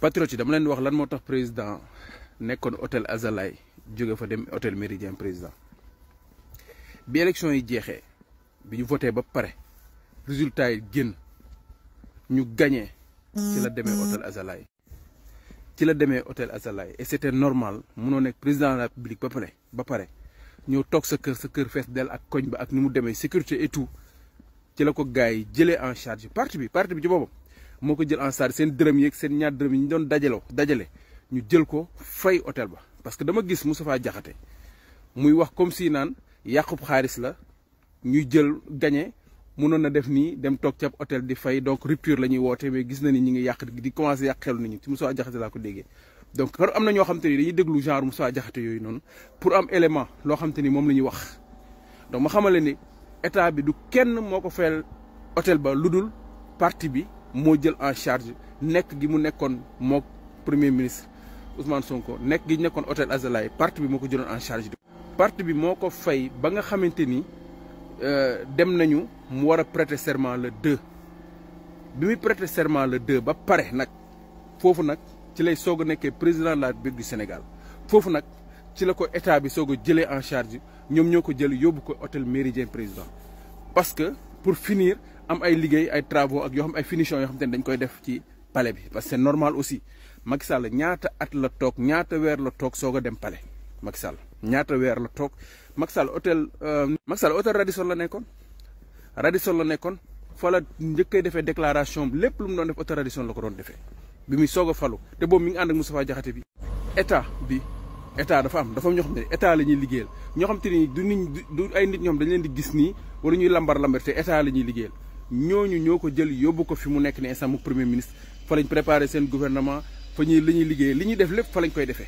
patriote dama len wax lan moo tax président nekkoon hôtel Azalaï jóge fa dem hôtel Méridien président bi élection yi djéxé bi ñu voté ba paré résultat yi génn ñu gagné ci la démé hôtel Azalay, ci la démé hôtel Azalay. et c'était normal mëno nek président de la République ba paré ba paré ñeu tok sa kër sa kër fess del ak koñ ba ak ni mu sécurité et tout ci la ko gaay yi en charge parti bi parti bi ci boppam moo ko jël en charge seen dërëm yeeg seen ñaar dërëm yi ñu doon dajaloo dajale ñu jël ko fay hôtel ba parce que dama gis Moustapha Diakhaté muy wax comme si naan yàqu xaalis la ñuy jël gañe mënoon na def nii dem toog ca otel di fay donc rupture la ñuy woote mais gis na ni ñu ngi yàq di commencé yàq xelu nit ñi ci Moustapha Diakhaté laa ko déggee donc par am na ñoo xam ni dañuy déglu genre Moustapha Diakhaté yooyu noonu pour am élément loo xam ni moom la ñuy wax donc ma xamale ni état bi du kenn moo ko fayal hôtel ba lu dul parti bi Modèle en charge nek gi mu premier ministre Ousmane Sonko nek gi nekon hôtel Azalaï parti bi moko en charge. parti bi moko fay ba nga euh, dem prêter serment le 2 bi prêter serment le 2 ba pare nak Fofu ci lay président de la République du Sénégal Fofu état bi en charge ñom ñoko jël ko hôtel Méridien président parce que pour finir. am ay liggéey ay travaux ak yoo xam ay finition yoo xam te ne dañ koy def ci bi parce que c'est aussi Macky Sall ñaata at la toog ñaata weer la toog soog a dem palais Macky ñaata weer la toog Macky Sall hôtel euh, Macky Sall hôtel Radisson la nekkoon Radisson la nekkoon fa la njëkkee defee déclaration lépp lu mu doon def hôtel Radisson la ko doon defee muy soog a falu te boobu mi ngi ànd ak Moustapha Diakhaté bi état bi état dafa am dafa am ñoo la ñuy liggéeyal ñoo xam te ni du nit du ay nit ñoom dañ leen di gis nii wala ñuy lambar lambar te état la ñuy liggéeyal ñooñu ñoo ko jël yobbu ko fi mu nekk ne instant premier ministre fa lañ préparé sen gouvernement fa ñuy liñuy liggéey liñuy def lepp fa lañ koy défé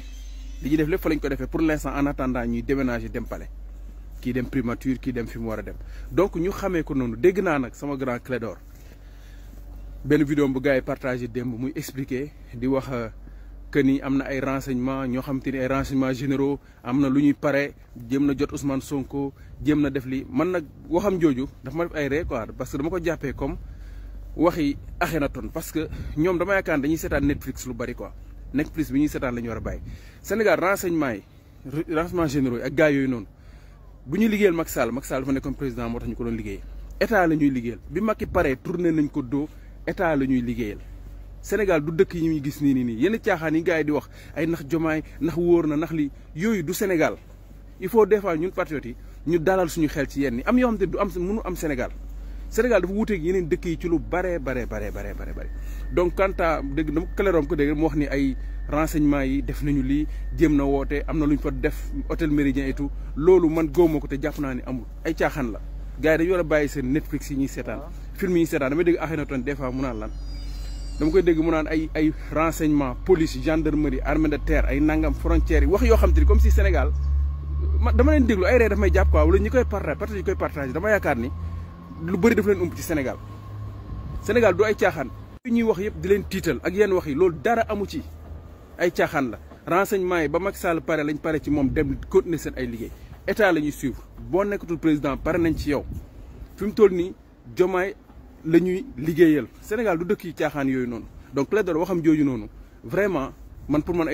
liñuy def lepp fa lañ koy défé pour l'instant en attendant ñuy déménager dem palais kii dem primature kii dem fi mu war dem donc ñu xamé ko nonu dégg na nak sama grand clé d'or ben vidéo bu gaay yi partagé démb muy expliquer di wax euh, que ni am na ay renseignements ñoo xam te ni ay renseignements généraux am na lu ñuy pare jéem na jot Ousmane Sonko jéem na def li man nag waxam jooju dafa ma def ay ree quoi parce que dama ko jàppee comme waxi ton parce que ñoom dama yaakaar dañuy seetaan Netflix lu bari quoi Netflix bi ñuy seetaan la ñu war a bàyyi. Sénégal renseignements yi renseignements généraux yi ak gars yooyu noonu bu ñuy liggéeyal Macky Sall Macky Sall dafa nekk comme président moo tax ñu ko doon liggéey état ñuy liggéeyal bi Macky paree tourné nañ ko doo état la ñuy liggéeyal. Sénégal du dëkk yi ñuy gis nii nii nii yenn caaxaan yi gars di wax ay nax jomaay nax wóor na nax li yooyu du Sénégal il faut des fois ñun patriotes yi ñu dalal suñu xel ci yenn yi am yoo xam te du am mënu am Sénégal Sénégal dafa wuuteeg yeneen dëkk yi ci lu bare bare bare bare bare donc quant à dégg dama clairom ko dégg mu wax ni ay renseignement yi def nañu lii jéem na woote am na lu ñu fa def hôtel Méridien et tout loolu man góoma ko te jàpp naa ni amul ay caaxaan la gars yi dañu war a bàyyi seen Netflix yi ñuy seetaan ah. film yi ñuy seetaan damay dégg Akhenaton des fois mu naan dama koy dégg mu naan ay ay renseignement police gendarmerie armée de terre ay nangam frontières yi wax yoo xam te ni comme si Sénégal ma dama leen déglu ay ree daf may jàpp quoi wala koy koy partage partage ñi koy partage dama yaakaar ni lu bëri daf leen ump ci Sénégal Sénégal du ay caaxaan yu ñuy wax yëpp di leen tiital ak yenn wax yi loolu dara amu ci ay caaxaan la renseignement yi ba Macky Sall pare lañ pare ci moom dem continuer seen ay liggéey état la ñuy suivre boo nekkatul président pare nañ ci yow mu toll nii Diomaye la Sénégal donc waxam vraiment pour man